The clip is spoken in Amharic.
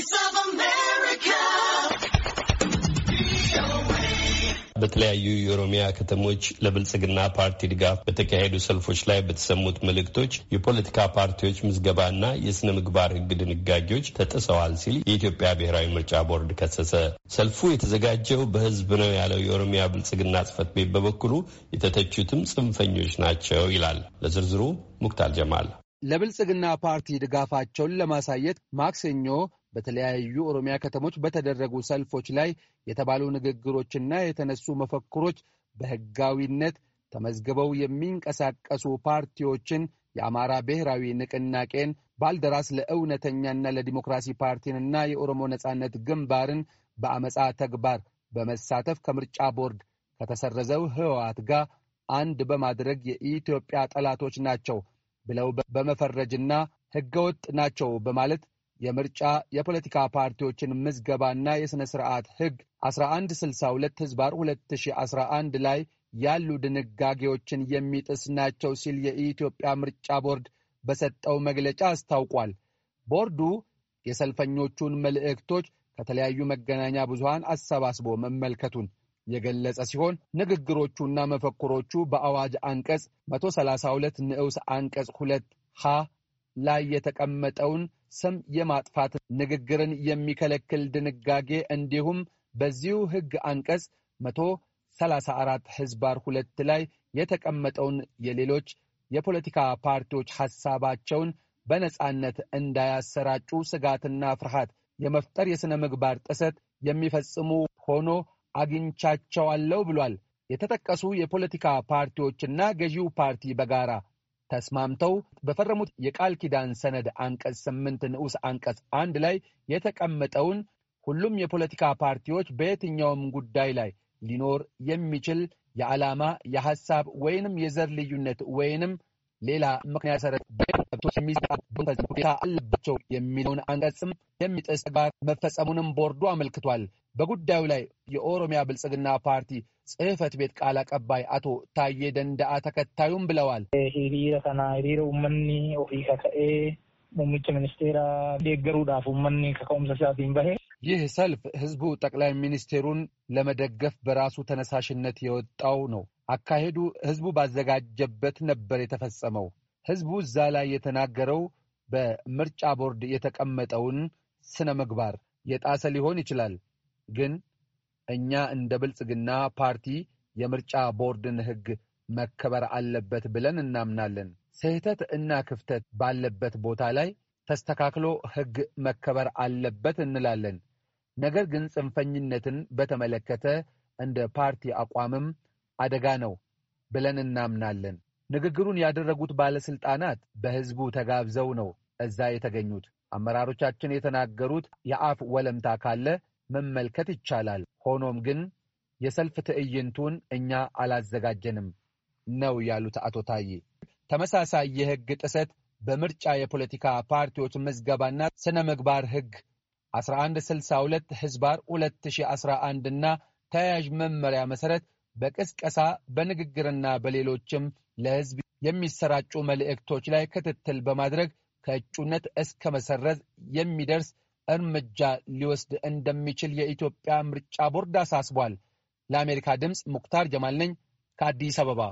Voice of America. በተለያዩ የኦሮሚያ ከተሞች ለብልጽግና ፓርቲ ድጋፍ በተካሄዱ ሰልፎች ላይ በተሰሙት መልእክቶች የፖለቲካ ፓርቲዎች ምዝገባና የስነ ምግባር ሕግ ድንጋጌዎች ተጥሰዋል ሲል የኢትዮጵያ ብሔራዊ ምርጫ ቦርድ ከሰሰ። ሰልፉ የተዘጋጀው በሕዝብ ነው ያለው የኦሮሚያ ብልጽግና ጽሕፈት ቤት በበኩሉ የተተቹትም ጽንፈኞች ናቸው ይላል። ለዝርዝሩ ሙክታል ጀማል ለብልጽግና ፓርቲ ድጋፋቸውን ለማሳየት ማክሰኞ በተለያዩ ኦሮሚያ ከተሞች በተደረጉ ሰልፎች ላይ የተባሉ ንግግሮችና የተነሱ መፈክሮች በሕጋዊነት ተመዝግበው የሚንቀሳቀሱ ፓርቲዎችን የአማራ ብሔራዊ ንቅናቄን፣ ባልደራስ ለእውነተኛና ለዲሞክራሲ ፓርቲንና የኦሮሞ ነጻነት ግንባርን በአመፃ ተግባር በመሳተፍ ከምርጫ ቦርድ ከተሰረዘው ህወሓት ጋር አንድ በማድረግ የኢትዮጵያ ጠላቶች ናቸው ብለው በመፈረጅና ህገወጥ ናቸው በማለት የምርጫ የፖለቲካ ፓርቲዎችን ምዝገባና የሥነ ሥርዓት ሕግ 1162 ህዝባር 2011 ላይ ያሉ ድንጋጌዎችን የሚጥስ ናቸው ሲል የኢትዮጵያ ምርጫ ቦርድ በሰጠው መግለጫ አስታውቋል። ቦርዱ የሰልፈኞቹን መልእክቶች ከተለያዩ መገናኛ ብዙሃን አሰባስቦ መመልከቱን የገለጸ ሲሆን ንግግሮቹና መፈክሮቹ በአዋጅ አንቀጽ 132 ንዑስ አንቀጽ 2 ሀ ላይ የተቀመጠውን ስም የማጥፋት ንግግርን የሚከለክል ድንጋጌ እንዲሁም በዚሁ ሕግ አንቀጽ 134 ህዝባር ሁለት ላይ የተቀመጠውን የሌሎች የፖለቲካ ፓርቲዎች ሐሳባቸውን በነጻነት እንዳያሰራጩ ስጋትና ፍርሃት የመፍጠር የሥነ ምግባር ጥሰት የሚፈጽሙ ሆኖ አግኝቻቸዋለሁ ብሏል። የተጠቀሱ የፖለቲካ ፓርቲዎችና ገዢው ፓርቲ በጋራ ተስማምተው በፈረሙት የቃል ኪዳን ሰነድ አንቀጽ ስምንት ንዑስ አንቀጽ አንድ ላይ የተቀመጠውን ሁሉም የፖለቲካ ፓርቲዎች በየትኛውም ጉዳይ ላይ ሊኖር የሚችል የዓላማ፣ የሐሳብ ወይንም የዘር ልዩነት ወይንም ሌላ ምክንያት ሰረት መብቶች የሚጣቡበት ሁኔታ አለባቸው የሚለውን አንቀጽም የሚጥስ ተግባር መፈጸሙንም ቦርዱ አመልክቷል። በጉዳዩ ላይ የኦሮሚያ ብልጽግና ፓርቲ ጽህፈት ቤት ቃል አቀባይ አቶ ታዬ ደንዳአ ተከታዩም ብለዋል። ሂሪረ ከና ሂሪረ ኡመኒ ኦፊ ሙምች ሚኒስቴራ በሄ ይህ ሰልፍ ህዝቡ ጠቅላይ ሚኒስቴሩን ለመደገፍ በራሱ ተነሳሽነት የወጣው ነው። አካሄዱ ህዝቡ ባዘጋጀበት ነበር የተፈጸመው። ህዝቡ እዛ ላይ የተናገረው በምርጫ ቦርድ የተቀመጠውን ስነ ምግባር የጣሰ ሊሆን ይችላል። ግን እኛ እንደ ብልጽግና ፓርቲ የምርጫ ቦርድን ህግ መከበር አለበት ብለን እናምናለን። ስህተት እና ክፍተት ባለበት ቦታ ላይ ተስተካክሎ ህግ መከበር አለበት እንላለን። ነገር ግን ጽንፈኝነትን በተመለከተ እንደ ፓርቲ አቋምም አደጋ ነው ብለን እናምናለን። ንግግሩን ያደረጉት ባለሥልጣናት በሕዝቡ ተጋብዘው ነው እዛ የተገኙት። አመራሮቻችን የተናገሩት የአፍ ወለምታ ካለ መመልከት ይቻላል። ሆኖም ግን የሰልፍ ትዕይንቱን እኛ አላዘጋጀንም ነው ያሉት አቶ ታዬ። ተመሳሳይ የሕግ ጥሰት በምርጫ የፖለቲካ ፓርቲዎች ምዝገባና ስነ ምግባር ሕግ 1162 ሕዝባር 2011 እና ተያያዥ መመሪያ መሠረት በቅስቀሳ በንግግርና በሌሎችም ለሕዝብ የሚሰራጩ መልእክቶች ላይ ክትትል በማድረግ ከእጩነት እስከ መሰረዝ የሚደርስ እርምጃ ሊወስድ እንደሚችል የኢትዮጵያ ምርጫ ቦርድ አሳስቧል። ለአሜሪካ ድምፅ ሙክታር ጀማል ነኝ ከአዲስ አበባ።